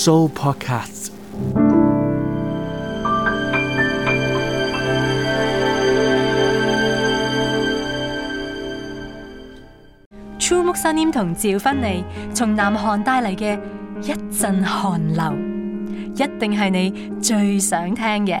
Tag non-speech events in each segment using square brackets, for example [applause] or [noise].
Show podcast。初木山念同趙芬妮從南韓帶嚟嘅一陣寒流，一定係你最想聽嘅。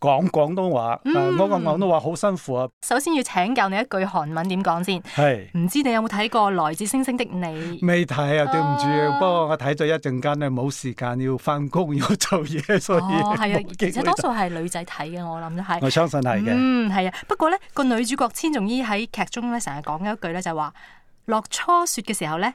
講廣東話，嗱、嗯啊，我講廣東話好辛苦啊。首先，要請教你一句韓文點講先。係。唔知你有冇睇過《來自星星的你》？未睇啊，對唔住。不過我睇咗一陣間咧，冇時間要翻工要做嘢，所以冇機會。其實多數係女仔睇嘅，我諗都係。我相信係嘅。嗯，係啊。不過咧，個女主角千頌伊喺劇中咧，成日講嘅一句咧就係話：落初雪嘅時候咧。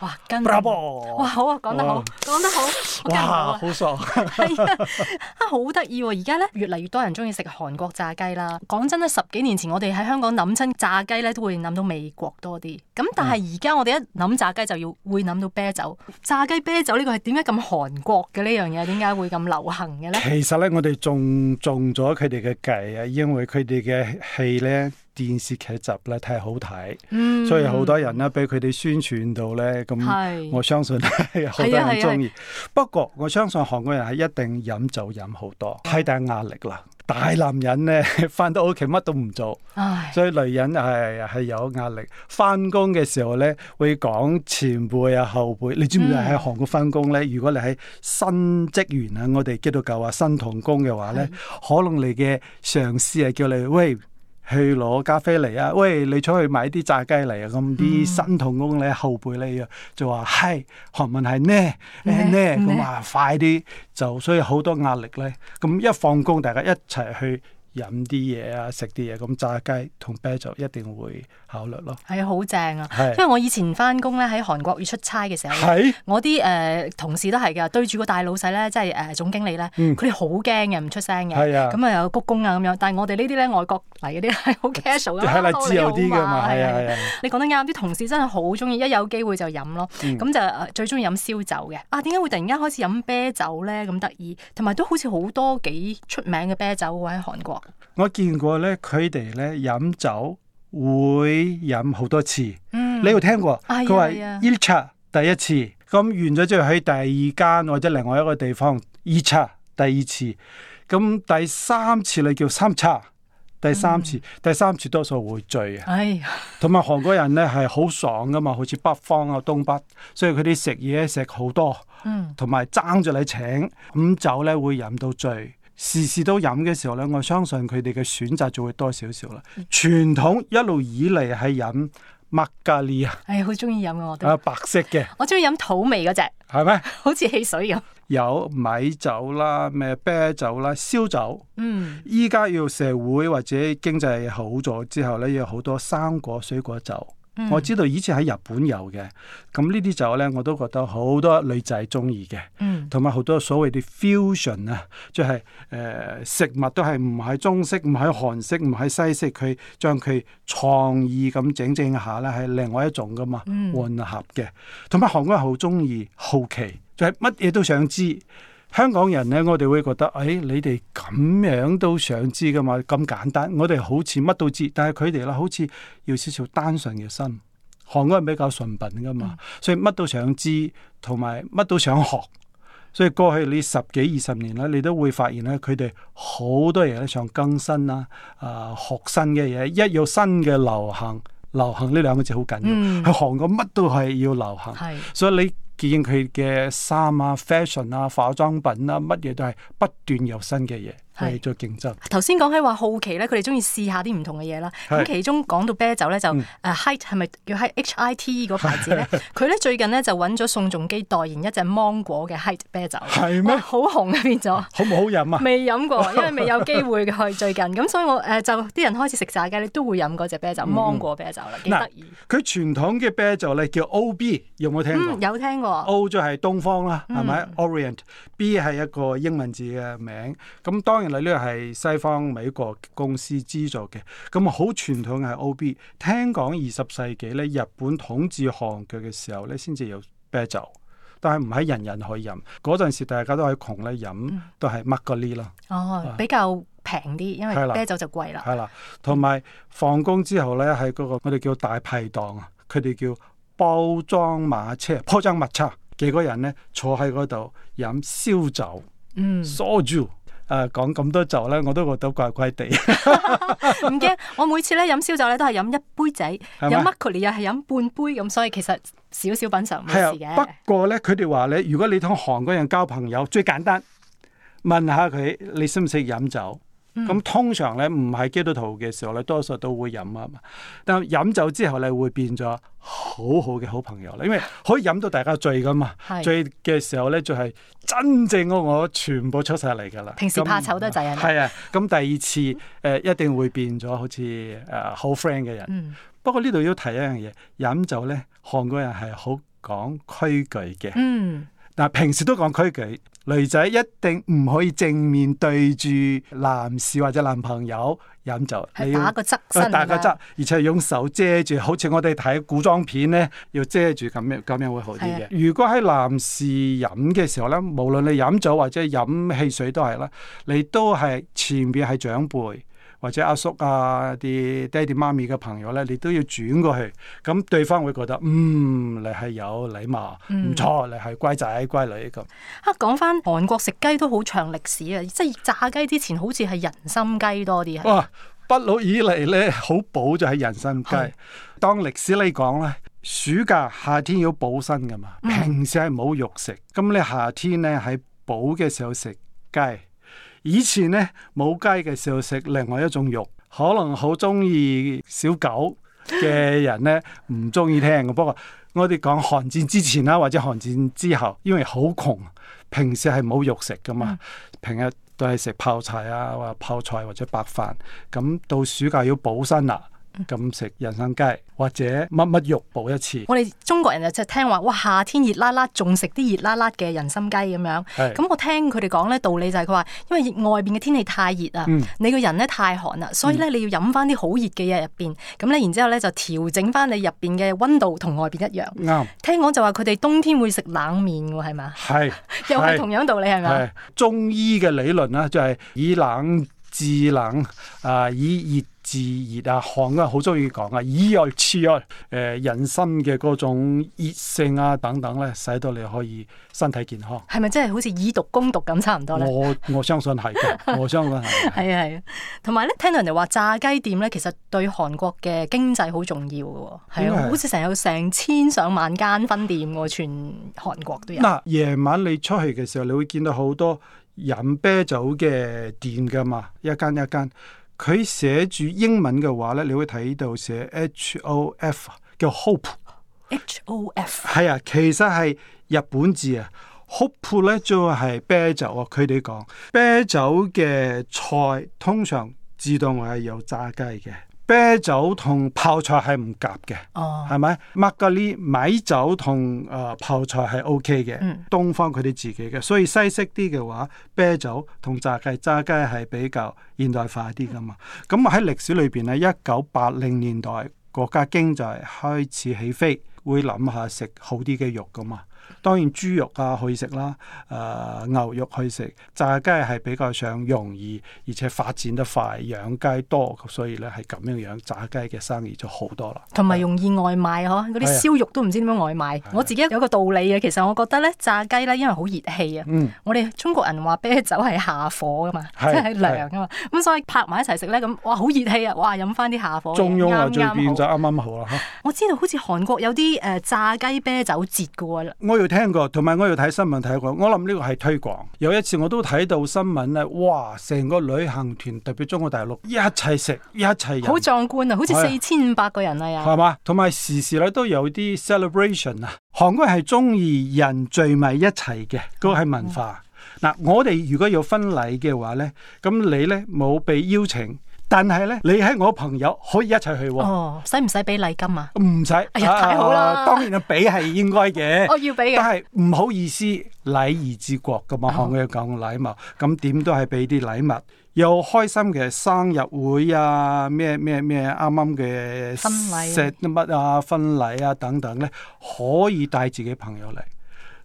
哇，跟 Bravo! 哇，好啊，講得好，講得好，哇 Wow.，好, wow, 好爽，係 [laughs] 啊、 [laughs] [laughs] 哦，好得意喎！而家咧越嚟越多人鍾意食韓國炸雞啦。講真咧，十幾年前我哋喺香港諗親炸雞咧，都會諗到美國多啲。咁但係而家我哋一諗炸雞就要會諗到啤酒，嗯、炸雞啤酒呢個係點解咁韓國嘅呢樣嘢？點、這、解、個、會咁流行嘅咧？其實咧，我哋仲中咗佢哋嘅計啊，因為佢哋嘅戲咧。電視劇集咧太好睇，嗯、所以好多人咧俾佢哋宣傳到咧，咁我相信咧好多人中意。不過我相信韓國人係一定飲酒飲好多，太大的壓力啦。大男人咧翻到屋企乜都唔做，唉所以女人係係有壓力。翻工嘅時候咧會講前輩啊後輩，你知唔知喺韓國翻工咧？如果你係新職員啊，我哋叫到舊啊新同工嘅話咧的，可能你嘅上司係叫你喂。去攞咖啡嚟啊！喂，你出去買啲炸雞嚟啊！咁啲新童工咧後輩咧、mm hmm. 就就話係韓文係呢呢咁啊！快啲就，所以好多壓力咧。咁一放工大家一齊去。飲啲嘢啊，食啲嘢咁，炸雞同啤酒一定會考慮咯。係啊，好正啊！是因為我以前返工咧喺韓國要出差嘅時候，是我啲誒、呃、同事都係嘅，對住個大老細咧，即係誒、呃、總經理咧，佢哋好驚嘅，唔出聲嘅。係啊，咁啊有鞠躬啊咁樣。但係我哋呢啲咧外國嚟嗰啲係好 casual 啦，係啦，自由啲㗎嘛。係係係。啊啊啊、你講得啱，啲同事真係好中意，一有機會就飲咯。咁、嗯、就最中意飲燒酒嘅。啊，點解會突然間開始飲啤酒咧？咁得意，同埋都好似好多幾出名嘅啤酒喎喺韓國。我見過咧，佢哋咧飲酒會飲好多次。嗯，你有聽過？係啊，佢話一叉第一次，咁、嗯哎、完咗之後去第二間或者另外一個地方二叉第二次，咁第三次你叫三叉，第三次，第三次多數會醉啊。係，同埋韓國人咧係好爽噶嘛，好似北方啊東北，所以佢哋食嘢食好多。同埋爭住你請飲酒咧，會飲到醉。事事都飲嘅時候咧，我相信佢哋嘅選擇就會多少少啦。傳統一路以嚟係飲麥加利啊，係好中意飲嘅我。啊，白色嘅，我中意飲土味嗰隻，係咪嗎？ [laughs] 好似汽水咁。有米酒啦，咩啤酒啦，燒酒。嗯。依家要社會或者經濟好咗之後咧，要好多生果水果酒。我知道以前喺日本有嘅，咁呢啲酒呢，我都覺得好多女仔中意嘅，同埋好多所謂啲 fusion 啊、就是，即係誒食物都係唔係中式、唔係韓式、唔係西式，佢將佢創意咁整整下呢，係另外一種㗎嘛混合嘅，同埋韓國人好中意好奇，就係乜嘢都想知。香港人咧，我哋會覺得，誒、哎，你哋咁樣都想知噶嘛？咁簡單，我哋好似乜都知，但係佢哋咧好似要少少單純嘅心。韓國人比較純品噶嘛，嗯、所以乜都想知，同埋乜都想學。所以過去呢，十幾二十年咧，你都會發現咧，佢哋好多人咧想更新啦、啊。啊、呃，學新嘅嘢。一有新嘅流行，流行呢兩個字好緊要。去、嗯、韓國乜都係要流行，是所以你，見佢嘅衫啊、fashion 啊、化妝品啊乜嘢都係不斷有新嘅嘢。係再競爭。頭先講起話好奇咧，佢哋鍾意試下啲唔同嘅嘢啦。咁其中講到啤酒咧，就誒 HIT g h 係咪叫 H H I T 個牌子咧？佢咧最近咧就揾咗宋仲基代言一隻芒果嘅 HIT e g h 啤酒。係咩？好紅啊！變咗。好唔好飲啊？未飲過，因為未有機會去最近。咁所以我誒就啲人開始食炸雞，你都會飲嗰隻啤酒芒果啤酒啦，幾得意。佢傳統嘅啤酒咧叫 O B，有冇聽過？有聽過。O 就係東方啦，係咪？Orient。B 係一個英文字嘅名。咁當然。嗱呢個係西方美國公司資助嘅，咁好傳統係 O B。聽講二十世紀咧，日本統治韓國嘅時候咧，先至有啤酒，但係唔係人人可以飲。嗰陣時大家都係窮咧飲，嗯、都係麥格利咯。哦，嗯、比較平啲，因為啤酒就貴啦。係啦，同埋放工之後咧，喺嗰、那個我哋叫大排檔啊，佢哋叫包裝馬車、包裝馬車，幾個人咧坐喺嗰度飲燒酒，嗯、soju 誒，講咁、呃、多酒咧，我都覺得怪怪地。唔驚， [laughs] [laughs] 我每次咧飲燒酒咧都係飲一杯仔，飲 Makgeolli 又係飲半杯咁、嗯，所以其實少少品嘗唔係事嘅。不過咧，佢哋話咧，如果你同韓國人交朋友，最簡單問下佢，你識唔識飲酒？咁、嗯、通常咧唔係基督徒嘅時候咧，多數都會飲啊嘛。但飲酒之後咧，會變咗好好嘅好朋友啦，因為可以飲到大家醉噶嘛。係醉嘅時候咧，就係真正我全部出晒嚟噶啦。平時怕醜都仔就係。係咁樣、嗯、啊，咁第二次誒一定會變咗好似誒好 friend 嘅人。嗯、不過呢度要提一樣嘢，飲酒咧，韓國人係好講規矩嘅。嗯。嗱，平時都講規矩，女仔一定唔可以正面對住男士或者男朋友飲酒，你要打個側身，打個側，嗎而且用手遮住，好似我哋睇古裝片咧，要遮住咁樣，咁樣會好啲嘅。的如果喺男士飲嘅時候咧，無論你飲酒或者飲汽水都係啦，你都係前面係長輩。或者阿叔啊啲爹哋媽咪嘅朋友咧，你都要轉過去，咁對方會覺得，嗯你係有禮貌，唔、嗯、錯，你係乖仔乖女咁。嚇講翻韓國食雞都好長歷史啊！即係炸雞之前好似係人參雞多啲。哇！不老以嚟咧，好補就係人參雞。是當歷史嚟講咧，暑假夏天要補身噶嘛，嗯、平時係冇肉食，咁你夏天咧喺補嘅時候食雞。以前咧冇雞嘅時候食另外一種肉，可能好中意小狗嘅人咧唔中意聽不過我哋講韓戰之前啦、啊，或者韓戰之後，因為好窮，平時係冇肉食㗎嘛，嗯、平日都係食泡菜啊、或泡菜或者白飯。咁到暑假要補身啦、啊。咁食人參雞或者乜乜肉補一次。我哋中國人就聽話，哇！夏天熱辣辣，仲食啲熱辣辣嘅人參雞咁樣。係是。咁我聽佢哋講咧，道理就係佢話，因為外邊嘅天氣太熱啊，嗯、你個人咧太寒啦，所以咧你要飲翻啲好熱嘅嘢入邊，咁咧、嗯、然之後咧就調整翻你入邊嘅溫度同外邊一樣。啱、嗯。聽講就話佢哋冬天會食冷麵喎，係咪？係是。 [laughs] 又係同樣道理係咪嗎？中醫嘅理論啦，就係以冷制冷，啊以熱。自熱啊、韓國人，好中意講啊，以外、此外，誒、呃，人身嘅嗰種熱性啊等等咧，使到你可以身體健康，係咪真係好似以毒攻毒咁差唔多咧？我我相信係嘅，我相信係。係啊係啊，同埋咧，聽到人哋話炸雞店咧，其實對韓國嘅經濟好重要嘅喎、哦，係啊因為，好似成日有成千上萬間分店喎，全韓國都有。嗱，夜晚你出去嘅時候，你會見到好多飲啤酒嘅店㗎嘛，一間一間。佢寫住英文嘅話咧，你會睇到寫 H O F 叫 Hope，H O F 係啊，其實係日本字啊。Hope 咧，就係啤酒啊。佢哋講啤酒嘅菜，通常自動係有炸雞嘅。啤酒同泡菜係唔夾嘅，係咪、oh.？麥格里米酒同誒泡菜係 O K 嘅，mm. 東方佢哋自己嘅，所以西式啲嘅話，啤酒同炸雞、炸雞係比較現代化啲㗎嘛。咁喺歷史裏邊咧，一九八零年代國家經濟開始起飛，會諗下食好啲嘅肉㗎嘛。當然豬肉啊去食啦，誒、啊、牛肉去食，炸雞係比較上容易，而且發展得快，養雞多，所以咧係咁樣樣炸雞嘅生意就好多啦。同埋容易外賣呵，嗰啲對、啊、燒肉都唔知點樣外賣。對我自己有個道理嘅，其實我覺得咧炸雞咧因為好熱氣啊，對我哋中國人話啤酒係下火噶嘛，即係對涼噶嘛，咁所以拍埋一齊食咧，咁哇好熱氣啊，哇飲翻啲下火啱啱、啊、好。啱啱好啦、我知道好似韓國有啲誒炸雞啤酒節噶喎。我 我 啊我要聽過，同埋我要睇新聞睇過。我諗呢個係推廣。有一次我都睇到新聞咧，哇！成個旅行團特別中國大陸一齊食一齊好壯觀啊！好似四千五百個人啊！係嘛人？同埋時時咧都有啲 celebration 啊！韓國人係中意人聚埋一齊嘅，嗰、嗰個係文化。嗱、嗯，我哋如果有婚禮嘅話咧，咁你咧冇被邀請。但係咧，你喺我朋友，可以一齊去喎。哦，使唔使俾禮金啊？唔使用、哎，太好啦，啊啊啊。當然啊，俾係應該嘅。我要俾嘅。都係唔好意思，禮儀之國噶嘛，向你講禮貌。咁點、哦、都係俾啲禮物，又開心嘅生日會啊，咩咩咩啱啱嘅，剛剛食乜啊，婚禮啊等等咧，可以帶自己朋友嚟。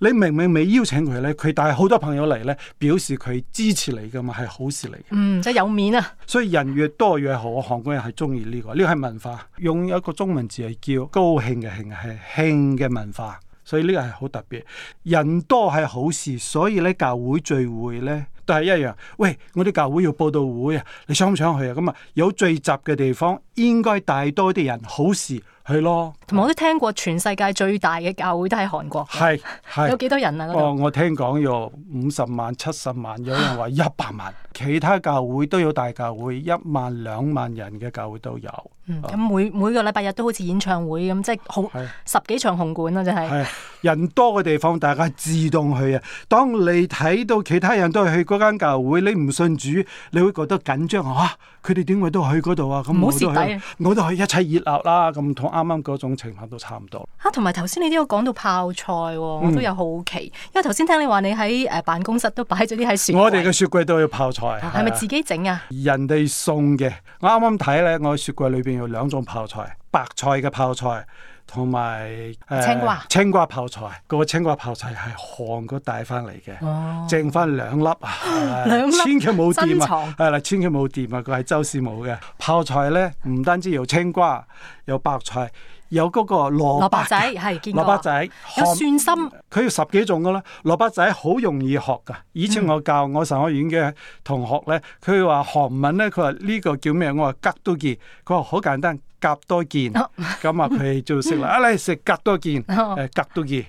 你明明未邀請佢咧，佢帶好多朋友嚟咧，表示佢支持你噶嘛，係好事嚟嘅。嗯，即係有面啊。所以人越多越好，韓國人係中意呢個，呢個係文化。用一個中文字係叫高興嘅興，係興嘅文化。所以呢個係好特別。人多係好事，所以咧教會聚會咧都係一樣。喂，我哋教會要報道會啊，你想唔想去啊？咁啊，有聚集嘅地方應該帶多啲人，好事。係咯，同埋我都聽過全世界最大嘅教會都喺韓國，係係 [laughs] 有幾多人啊？嗰度我聽講有五十萬、七十萬，有人話一百萬。啊、其他教會都有大教會，一萬、兩萬人嘅教會都有。咁、嗯啊、每每個禮拜日都好似演唱會咁，即係好是十幾場紅館啊！真係。人多嘅地方，大家自動去啊。當你睇到其他人都係去嗰間教會，你唔信主，你會覺得緊張啊。佢哋點會都去嗰度啊？咁好蝕底，我都去， [laughs] 我都去，一齊熱鬧啦！咁同啱啱嗰種情況都差唔多嚇，同埋頭先你都有講到泡菜，我都、嗯、有好奇，因為頭先聽你話你喺誒辦公室都擺咗啲喺雪櫃，我哋嘅雪櫃都有泡菜，係咪、啊、自己整啊？人哋送嘅，我啱啱睇咧，我雪櫃裏邊有兩種泡菜，白菜嘅泡菜。同埋、呃、青瓜青瓜泡菜，個青瓜泡菜係韓國帶翻嚟嘅，淨翻兩粒啊，兩粒， [laughs] 兩粒千祈冇掂啊！係啦床，千祈冇掂啊！佢係周氏冇嘅泡菜咧，唔單止有青瓜，有白菜，有嗰個蘿蔔，蘿蔔仔，係蘿蔔仔，有蒜心，佢要十幾種噶啦。蘿蔔仔好容易學噶，以前我教我神學院嘅同學咧，佢話、嗯、韓文咧，佢話呢個叫咩？我話吉都傑，佢話好簡單。夾多件，咁啊佢就食啦！啊嚟食夾多件，誒夾多件，誒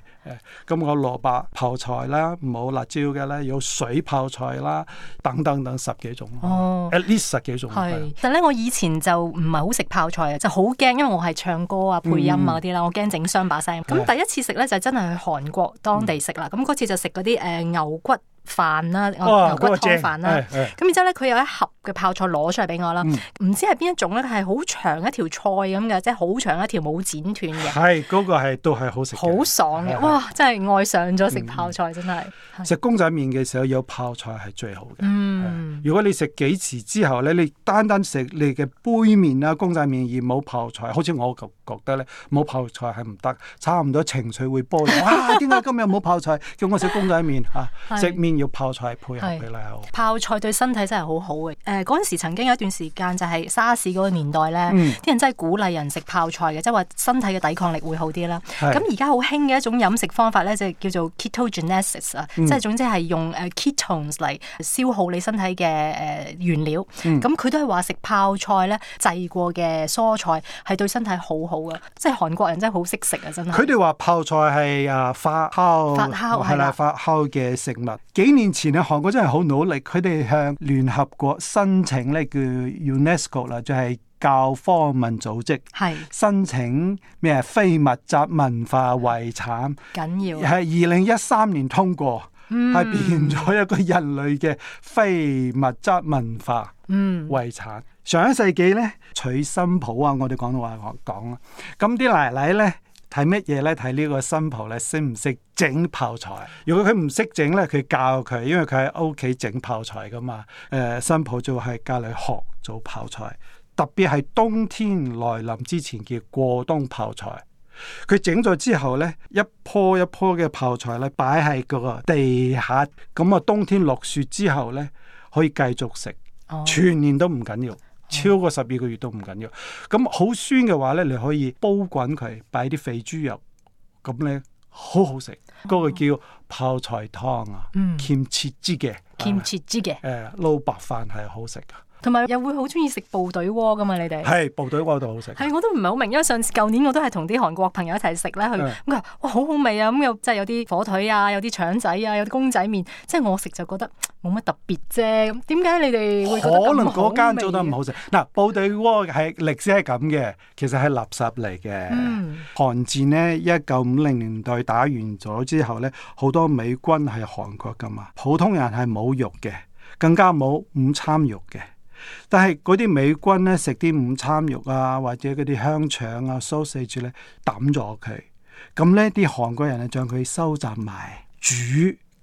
咁個蘿蔔泡菜啦，冇辣椒嘅啦，有水泡菜啦，等等等十幾種哦，at least 十幾種。係，但咧我以前就唔係好食泡菜啊，就好驚，因為我係唱歌啊、配音啊嗰啲啦，我驚整傷把聲。咁第一次食咧就真係去韓國當地食啦。咁嗰次就食嗰啲誒牛骨飯啦，牛骨湯飯啦。咁然之後咧佢有一盒嘅泡菜攞出嚟俾我啦，唔知係邊一種咧？係好長一條菜咁嘅，即係好長一條冇剪斷嘅。係，嗰個係都係好食嘅，好爽嘅。哇！真係愛上咗食泡菜，真係食公仔麵嘅時候有泡菜係最好嘅。如果你食幾次之後咧，你單單食你嘅杯麵啦、公仔麵而冇泡菜，好似我覺得咧冇泡菜係唔得，差唔多情緒會波動。哇！點解今日冇泡菜？叫我食公仔麵啊！食麵要泡菜配合嘅啦，好。泡菜對身體真係好好嘅，嗰陣時曾經有一段時間就係沙士嗰個年代咧，啲、嗯、人真係鼓勵人食泡菜嘅，即係話身體嘅抵抗力會好啲啦。咁而家好興嘅一種飲食方法咧，就係、叫做 ketogenesis 啊、嗯，即係總之係用誒 ketones 嚟消耗你身體嘅誒原料。咁佢、嗯嗯、都係話食泡菜咧，製過嘅蔬菜係對身體好好嘅，即係韓國人真係好識食啊！真係。佢哋話泡菜係誒發酵，發酵係啦，發酵嘅食物。幾年前啊，韓國真係好努力，佢哋向聯合國。申請呢叫 UNESCO 啦，就係教科文組織。係是申請咩？非物質文化遺產緊要，係二零一三年通過，係、嗯、變咗一個人類嘅非物質文化遺產。嗯、上一世紀咧，娶新抱啊，我哋講到話講啦，咁啲奶奶咧。睇乜嘢咧？睇呢個新抱咧，識唔識整泡菜？如果佢唔識整咧，佢教佢，因為佢喺屋企整泡菜噶嘛。誒，新抱就係教你學做泡菜，特別係冬天來臨之前叫過冬泡菜。佢整咗之後咧，一棵一棵嘅泡菜咧擺喺個地下，咁啊冬天落雪之後咧，可以繼續食，全年都唔緊要。Oh. 超過十二個月都唔緊要，咁、嗯、好酸嘅話咧，你可以煲滾佢，擺啲肥豬肉，咁咧好好食。嗰、哦、個叫泡菜湯、嗯、啊，鹹切枝嘅，鹹切枝嘅，誒撈白飯係好食噶。同埋又會好中意食部隊鍋噶嘛？你哋係部隊鍋都好食係我都唔係好明，因為上次舊年我都係同啲韓國朋友一齊食咧，佢咁佢話哇好好味啊！咁又即係有啲火腿啊，有啲腸仔啊，有啲公仔麵，即係我食就覺得冇乜特別啫、啊。咁點解你哋會覺得可能嗰間做得唔好食？嗱、 [laughs] 啊，部隊鍋係歷史係咁嘅，其實係垃圾嚟嘅。韓、嗯、戰呢，一九五零年代打完咗之後呢，好多美軍係韓國噶嘛，普通人係冇肉嘅，更加冇午餐肉嘅。但係嗰啲美軍咧，食啲午餐肉啊，或者嗰啲香腸啊 sausage 咧，抌咗佢。咁呢啲韓國人啊，將佢收集埋，煮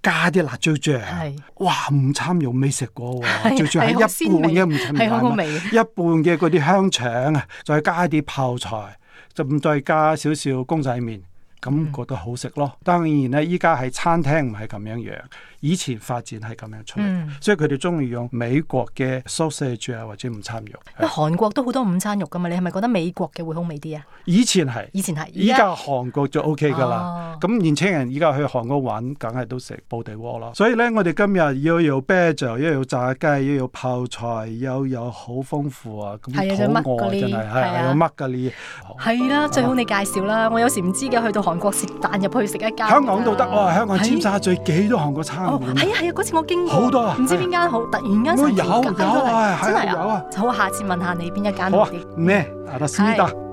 加啲辣椒醬。是哇！午餐肉未食過喎、啊，就做喺一半嘅午餐一半嘅嗰啲香腸啊，再加啲泡菜，就再加少少公仔麵，咁覺得好食咯。嗯、當然咧，依家喺餐廳唔係咁樣樣。以前發展係咁樣出嚟，所以佢哋中意用美國嘅 sausage 啊，或者午餐肉。因為韓國都好多午餐肉噶嘛，你係咪覺得美國嘅會好味啲啊？以前係，以前係，依家韓國就 OK 噶啦。咁年輕人依家去韓國玩，梗係都食部隊鍋啦。所以咧，我哋今日要有啤酒，又有炸雞，又有泡菜，又有好豐富啊！咁多愛真係，係啊，有馬格利係啦，最好你介紹啦。我有時唔知嘅，去到韓國食飯入去食一間，香港都得哇！香港尖沙咀幾多韓國餐。係啊係啊，嗰、嗯、次我經過，唔知邊間好，的突然間就點解真係啊？好，下次問下你邊一間好啊？咩敵